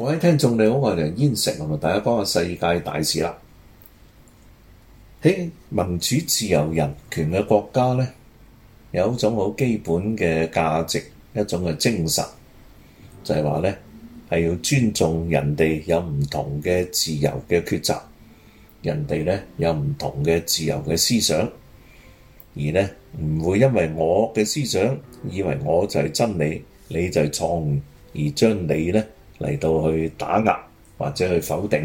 各位聽眾你好，我係梁燕城，同埋大家講下世界大事啦。喺民主自由人權嘅國家咧，有一種好基本嘅價值，一種嘅精神，就係話咧係要尊重人哋有唔同嘅自由嘅抉擇，人哋咧有唔同嘅自由嘅思想，而咧唔會因為我嘅思想以為我就係真理，你就係錯誤，而將你咧，嚟到去打壓或者去否定，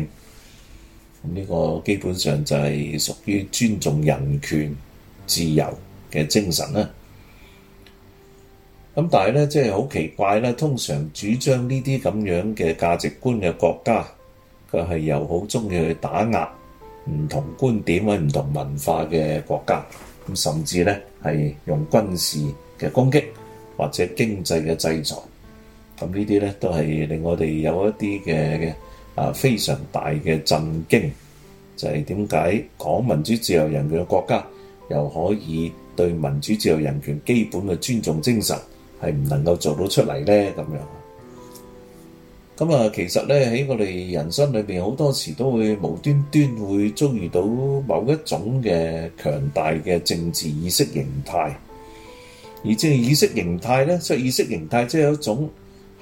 咁呢個基本上就係屬於尊重人權、自由嘅精神啦。咁但係咧，即係好奇怪咧，通常主張呢啲咁樣嘅價值觀嘅國家，佢係又好中意去打壓唔同觀點或者唔同文化嘅國家，咁甚至咧係用軍事嘅攻擊或者經濟嘅制裁。咁呢啲咧都係令我哋有一啲嘅嘅啊非常大嘅震驚，就係點解講民主自由人權嘅國家又可以對民主自由人權基本嘅尊重精神係唔能夠做到出嚟咧？咁樣咁啊，其實咧喺我哋人生裏邊好多時都會無端端會遭遇到某一種嘅強大嘅政治意識形態，而即係意識形態咧，即係意識形態即係一種。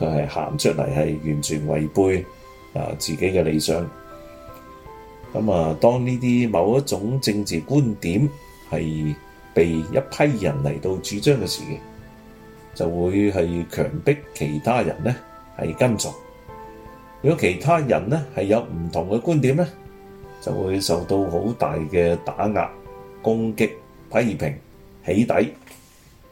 佢係行出嚟，係完全違背自己嘅理想。咁啊，當呢啲某一種政治觀點係被一批人嚟到主張嘅時候，就會係強迫其他人呢係跟從。如果其他人呢係有唔同嘅觀點呢，就會受到好大嘅打壓、攻擊、批評、起底。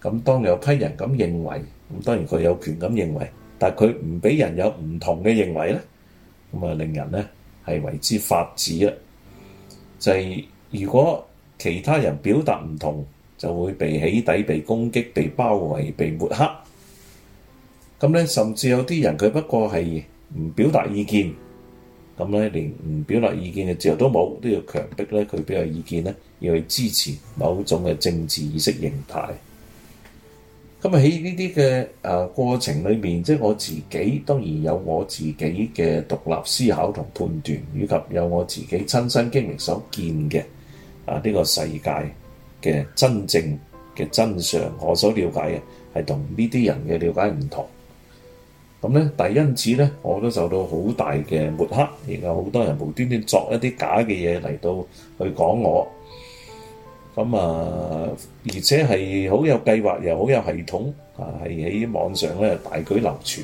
咁當有批人咁認為，咁當然佢有權咁認為，但係佢唔俾人有唔同嘅認為咧，咁啊令人咧係為之發指啊！就係、是、如果其他人表達唔同，就會被起底、被攻擊、被包圍、被抹黑。咁咧，甚至有啲人佢不過係唔表達意見，咁咧連唔表達意見嘅自由都冇，都要強迫咧佢表達意見咧，要去支持某種嘅政治意識形態。咁喺呢啲嘅誒過程裏面，即係我自己當然有我自己嘅獨立思考同判斷，以及有我自己親身經歷所見嘅啊呢個世界嘅真正嘅真相，我所了解嘅係同呢啲人嘅了解唔同。咁咧，但係因此咧，我都受到好大嘅抹黑，而有好多人無端端作一啲假嘅嘢嚟到去講我。咁啊，而且係好有計劃，又好有系統啊，係喺網上咧大舉流傳。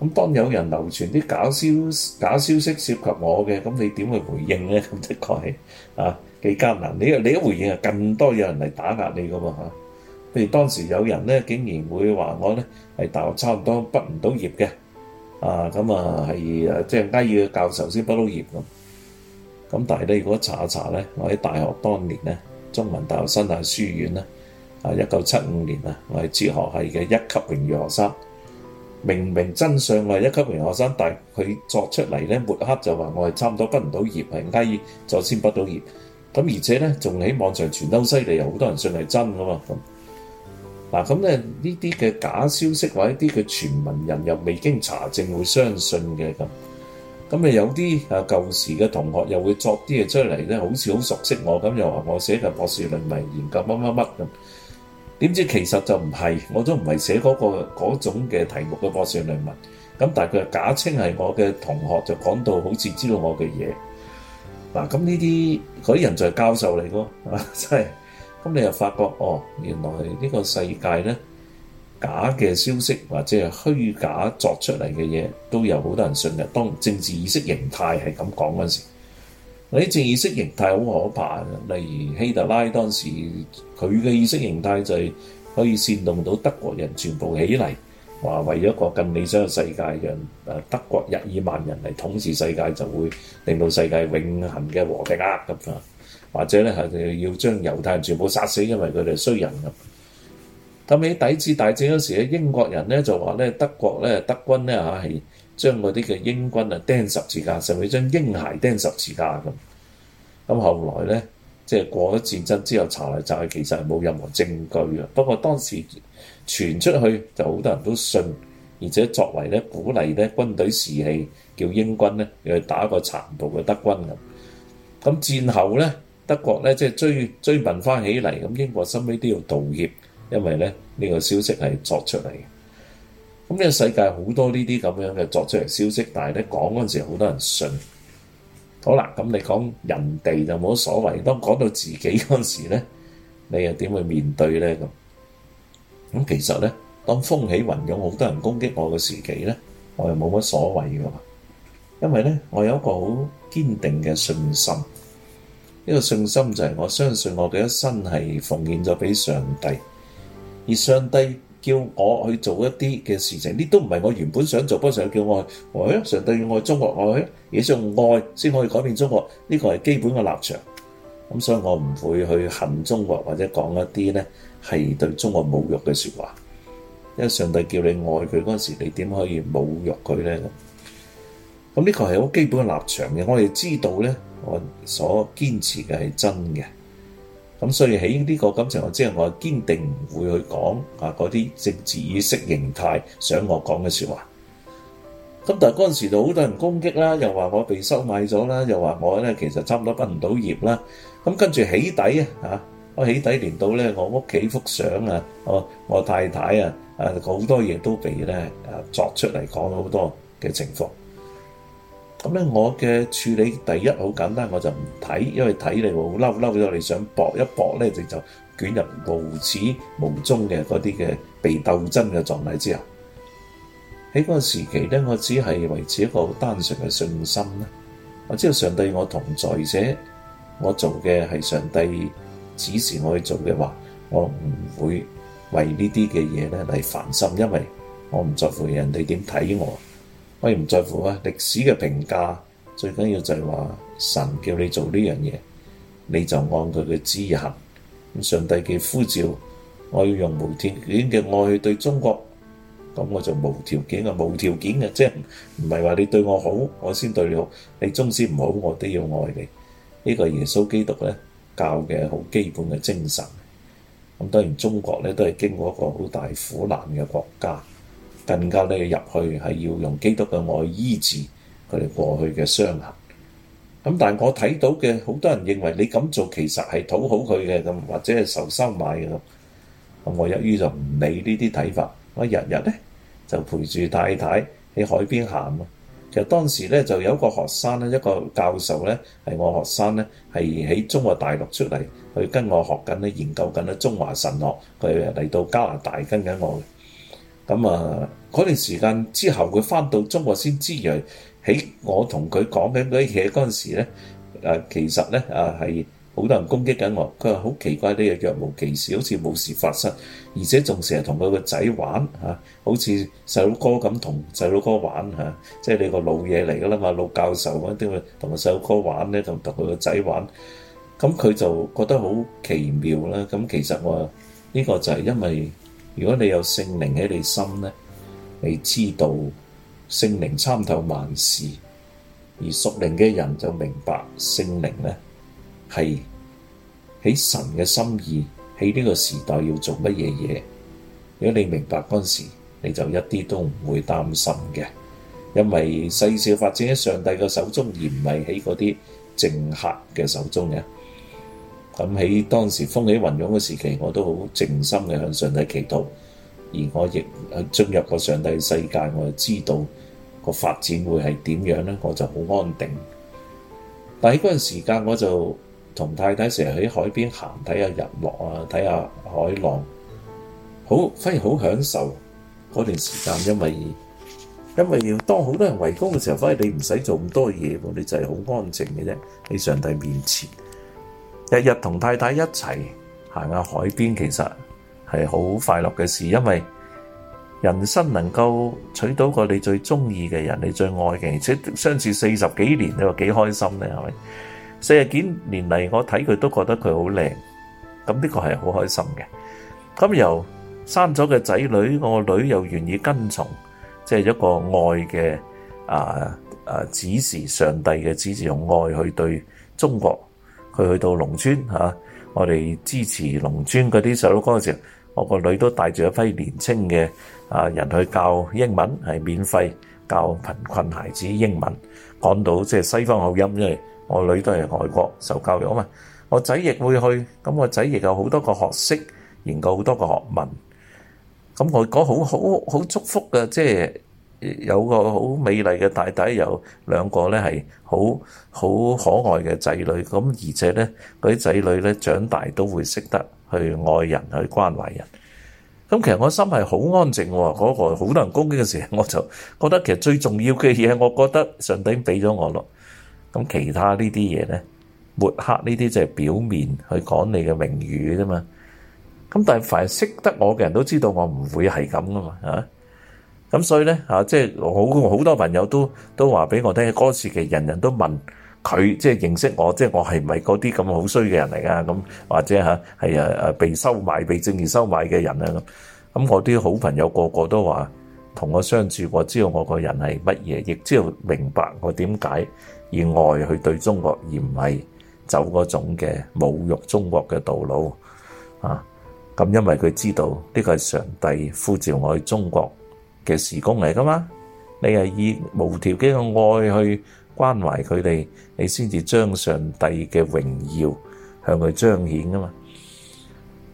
咁當有人流傳啲假消假消息涉及我嘅，咁你點去回應咧？咁的確係啊，幾艱難。你你一回應啊，更多有人嚟打壓你㗎嘛嚇。譬如當時有人咧，竟然會話我咧係大學差唔多畢唔到業嘅，啊咁啊係誒，即係要教授先畢到業咁。咁但係咧，如果查一查咧，我喺大學當年咧，中文大學新大書院咧，啊一九七五年啊，我係哲學系嘅一級榮譽學生，明唔明真相啊？一級榮譽學生，但係佢作出嚟咧，抹黑就話我係差唔多畢唔到業，係捱咗先畢到業。咁而且咧，仲喺網上傳得好犀利，又好多人信係真噶嘛。咁嗱，咁咧呢啲嘅假消息或者啲嘅傳聞，人又未經查證會相信嘅咁。咁咪有啲啊舊時嘅同學又會作啲嘢出嚟咧，好似好熟悉我咁，又話我寫嘅博士論文研究乜乜乜咁。點知其實就唔係，我都唔係寫嗰個嗰種嘅題目嘅博士論文。咁但係佢假稱係我嘅同學，就講到好似知道我嘅嘢。嗱，咁呢啲嗰啲人就係教授嚟㗎，係嘛？真係。咁你又發覺哦，原來呢個世界咧～假嘅消息或者係虛假作出嚟嘅嘢，都有好多人信嘅。當政治意識形態係咁講嗰陣時，嗰啲政治意識形態好可怕。例如希特拉當時，佢嘅意識形態就係可以煽動到德國人全部起嚟，話為咗一個更理想嘅世界，嘅誒德國日耳曼人嚟統治世界，就會令到世界永恆嘅和平咁啊樣。或者咧係要將猶太人全部殺死，因為佢哋係衰人咁。咁喺第一次大戰嗰時咧，英國人咧就話咧德國咧德軍咧嚇係將嗰啲嘅英軍啊釘十字架，甚至將嬰孩釘十字架咁。咁、嗯、後來咧，即係過咗戰爭之後查嚟查去，其實係冇任何證據嘅。不過當時傳出去就好多人都信，而且作為咧鼓勵咧軍隊士氣，叫英軍咧去打一個殘暴嘅德軍咁。咁、嗯、戰後咧德國咧即係追追問翻起嚟，咁英國收尾都要道歉。因為咧，呢、這個消息係作出嚟嘅。咁、嗯、呢、這個世界好多呢啲咁樣嘅作出嚟消息，但係咧講嗰陣時，好多人信。好啦，咁你講人哋就冇乜所謂。當講到自己嗰陣時咧，你又點去面對咧咁？咁、嗯、其實咧，當風起雲湧，好多人攻擊我嘅時期咧，我又冇乜所謂㗎嘛。因為咧，我有一個好堅定嘅信心。呢個信心就係我相信我嘅一生係奉獻咗俾上帝。而上帝叫我去做一啲嘅事情，呢都唔係我原本想做，不過上帝叫愛，上帝要愛中國，愛你想愛先可以改變中國，呢個係基本嘅立場。咁、嗯、所以我唔會去恨中國，或者講一啲咧係對中國侮辱嘅說話。因為上帝叫你愛佢陣時，你點可以侮辱佢咧？咁咁呢個係好基本嘅立場嘅。我哋知道咧，我所堅持嘅係真嘅。咁所以喺呢個情況之下，我堅定唔會去講啊嗰啲政治意識形態想我講嘅説話。咁但係嗰陣時就好多人攻擊啦，又話我被收買咗啦，又話我咧其實差唔多畢唔到業啦。咁跟住起底啊，啊我起底連到咧我屋企幅相啊，我我太太啊啊好多嘢都被咧啊作出嚟講咗好多嘅情況。咁咧，我嘅處理第一好簡單，我就唔睇，因為睇嚟睇你會嬲嬲到你想搏一搏咧，你就捲入無始無終嘅嗰啲嘅被鬥爭嘅狀態之下。喺嗰個時期咧，我只係維持一個好單純嘅信心啦。我知道上帝我同在者，我做嘅係上帝指示我去做嘅話，我唔會為呢啲嘅嘢咧嚟煩心，因為我唔在乎人哋點睇我。我亦唔在乎啊！歷史嘅評價最緊要就係話神叫你做呢樣嘢，你就按佢嘅旨意行。上帝嘅呼召，我要用無條件嘅愛去對中國，咁我就無條件嘅無條件嘅，即係唔係話你對我好，我先對你好。你忠心唔好，我都要愛你。呢、這個耶穌基督教嘅好基本嘅精神。咁當然中國咧都係經過一個好大苦難嘅國家。更加咧入去係要用基督嘅愛醫治佢哋過去嘅傷痕。咁但係我睇到嘅好多人認為你咁做其實係討好佢嘅咁，或者係受收買嘅咁。咁我一於就唔理呢啲睇法。我日日咧就陪住太太喺海邊行啊。其實當時咧就有一個學生咧，一個教授咧係我學生咧，係喺中國大陸出嚟去跟我學緊咧、研究緊咧中華神學，佢嚟到加拿大跟緊我。咁啊，嗰、嗯、段時間之後，佢翻到中國先知。樣。喺我同佢講緊嗰啲嘢嗰陣時咧，誒其實咧啊係好多人攻擊緊我。佢話好奇怪呢又、呢個、若無其事，好似冇事發生，而且仲成日同佢個仔玩嚇、啊，好似細佬哥咁同細佬哥玩嚇、啊。即係你個老嘢嚟㗎啦嘛，老教授咁點啊，同細佬哥玩咧，就同佢個仔玩。咁佢、嗯、就覺得好奇妙啦。咁、啊、其實我呢、呢個就係因為。如果你有聖靈喺你心咧，你知道聖靈參透萬事，而屬靈嘅人就明白聖靈咧係喺神嘅心意，喺呢個時代要做乜嘢嘢？如果你明白嗰時，你就一啲都唔會擔心嘅，因為世事發展喺上帝嘅手中，而唔係喺嗰啲政客嘅手中嘅。咁喺、嗯、當時風起雲湧嘅時期，我都好靜心嘅向上帝祈禱，而我亦進入過上帝世界，我就知道個發展會係點樣咧，我就好安定。但係嗰陣時間，我就同太太成日喺海邊行，睇下日落啊，睇下海浪，好反而好享受嗰段時間，因為因為要當好多人圍攻嘅時候，反而你唔使做咁多嘢，你就係好安靜嘅啫，喺上帝面前。日日同太太一齊行下海邊，其實係好快樂嘅事，因為人生能夠娶到個你最中意嘅人，你最愛嘅，而且相處四十幾年，你話幾開心咧？係咪？四十幾年嚟，我睇佢都覺得佢好靚，咁呢個係好開心嘅。咁由生咗嘅仔女，我女又願意跟從，即係一個愛嘅啊啊指示，上帝嘅指示，用愛去對中國。佢去到農村嚇，我哋支持農村嗰啲細路哥嘅時候，我個女都帶住一批年青嘅啊人去教英文，係免費教貧困孩子英文，講到即係西方口音，因為我女都係外國受教育啊嘛，我仔亦會去，咁我仔亦有好多個學識研究好多個學問，咁我好好好祝福嘅，即係。有個好美麗嘅大弟，有兩個咧係好好可愛嘅仔女，咁而且咧嗰啲仔女咧長大都會識得去愛人去關懷人。咁其實我心係好安靜，嗰個好多人攻擊嘅時候，我就覺得其實最重要嘅嘢，我覺得上帝俾咗我咯。咁其他呢啲嘢咧，抹黑呢啲就係表面去講你嘅名譽啫嘛。咁但係凡是識得我嘅人都知道我唔會係咁噶嘛啊！咁所以咧，啊，即係好好多朋友都都話俾我聽。嗰時期人人都問佢，即係認識我，即係我係唔係嗰啲咁好衰嘅人嚟啊？咁或者嚇係啊，啊被收買、被政治收買嘅人啊咁。咁我啲好朋友個個都話同我相處過，知道我個人係乜嘢，亦知道明白我點解而外去對中國，而唔係走嗰種嘅侮辱中國嘅道路啊。咁因為佢知道呢個係上帝呼召我去中國。嘅時光嚟噶嘛？你係以無條件嘅愛去關懷佢哋，你先至將上帝嘅榮耀向佢彰顯噶嘛？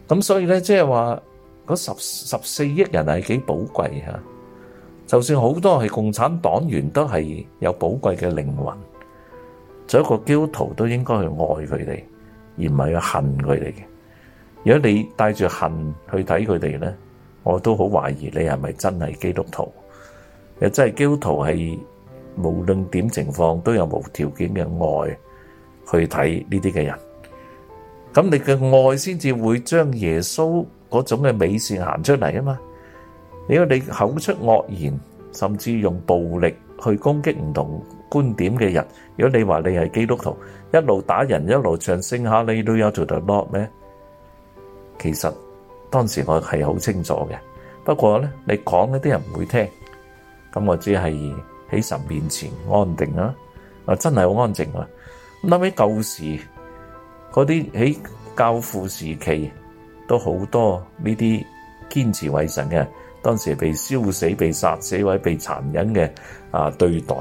咁所以咧，即係話嗰十十四億人係幾寶貴嚇？就算好多係共產黨員，都係有寶貴嘅靈魂。做一個基督徒都應該去愛佢哋，而唔係去恨佢哋嘅。如果你帶住恨去睇佢哋咧，我都好懷疑你係咪真係基督徒？你真係基督徒，係無論點情況都有無條件嘅愛去睇呢啲嘅人。咁你嘅愛先至會將耶穌嗰種嘅美善行出嚟啊嘛！如果你口出惡言，甚至用暴力去攻擊唔同觀點嘅人，如果你話你係基督徒，一路打人一路唱哈利路亞，你都有做到咩？其實。當時我係好清楚嘅，不過咧你講嗰啲人唔會聽，咁我只係喺神面前安定啦，啊，我真係好安靜啊！諗起舊時嗰啲喺教父時期都好多呢啲堅持為神嘅，當時被燒死、被殺死、或者被殘忍嘅啊對待，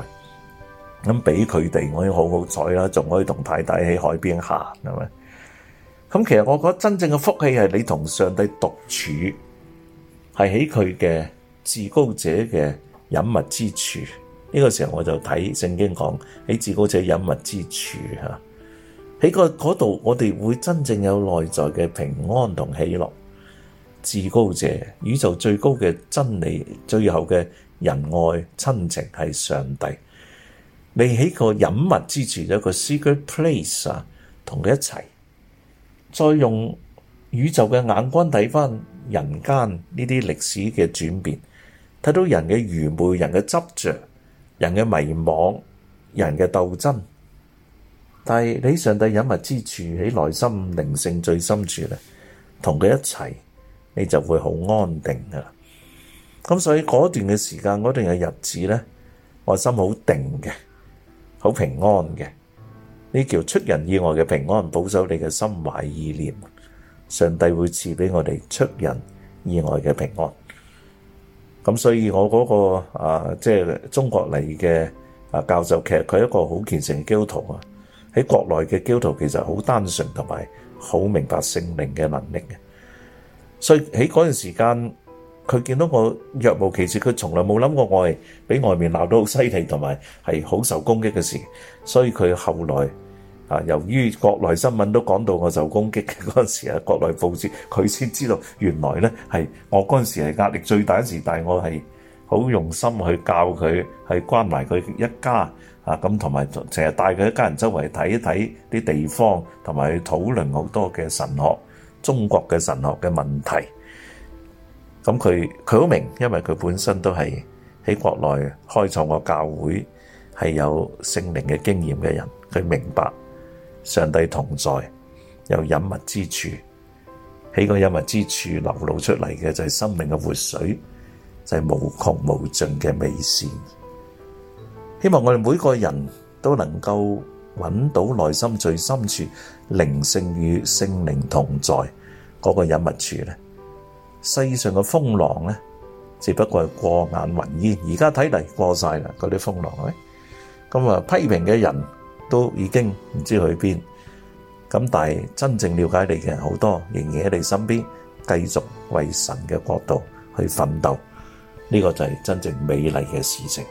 咁俾佢哋，我已經好好彩啦，仲可以同太太喺海邊行係咪？咁，其實我覺得真正嘅福氣係你同上帝獨處，係喺佢嘅至高者嘅隱密之處。呢、這個時候我就睇聖經講喺至高者隱密之處吓喺嗰度，我哋會真正有內在嘅平安同喜樂。至高者宇宙最高嘅真理、最後嘅仁愛親情係上帝。你喺個隱密之處有個 place, 一個 secret place 啊，同佢一齊。再用宇宙嘅眼光睇返人間呢啲歷史嘅轉變，睇到人嘅愚昧、人嘅執着、人嘅迷惘、人嘅鬥爭。但係你喺上帝隱密之處，喺內心靈性最深處咧，同佢一齊，你就會好安定噶啦。咁所以嗰段嘅時間，嗰段嘅日子咧，我心好定嘅，好平安嘅。呢叫出人意外嘅平安，保守你嘅心懷意念，上帝會賜俾我哋出人意外嘅平安。咁所以，我嗰個啊，即係中國嚟嘅啊教授，其實佢係一個好虔誠嘅基督徒啊，喺國內嘅基督徒其實好單純同埋好明白聖靈嘅能力嘅。所以喺嗰段時間，佢見到我若無其事，佢從來冇諗過我係俾外面鬧到好犀利同埋係好受攻擊嘅事。所以佢後來。啊！由於國內新聞都講到我受攻擊嘅嗰陣時啊，國內報紙佢先知道原來呢係我嗰陣時係壓力最大嗰時，但係我係好用心去教佢，係關懷佢一家啊。咁同埋成日帶佢一家人周圍睇一睇啲地方，同埋去討論好多嘅神學，中國嘅神學嘅問題。咁佢佢好明，因為佢本身都係喺國內開創個教會係有聖靈嘅經驗嘅人，佢明白。上帝同在，有隱密之處，喺個隱密之處流露出嚟嘅就係生命嘅活水，就係、是、無窮無盡嘅美善。希望我哋每個人都能夠揾到內心最深處，靈性與聖靈同在嗰、那個隱密處咧。世上嘅風浪咧，只不過係過眼雲煙，而家睇嚟過晒啦嗰啲風浪。咁啊，批評嘅人。都已經唔知去邊，咁但係真正了解你嘅人好多仍然喺你身邊，繼續為神嘅角度去奮鬥，呢、這個就係真正美麗嘅事情。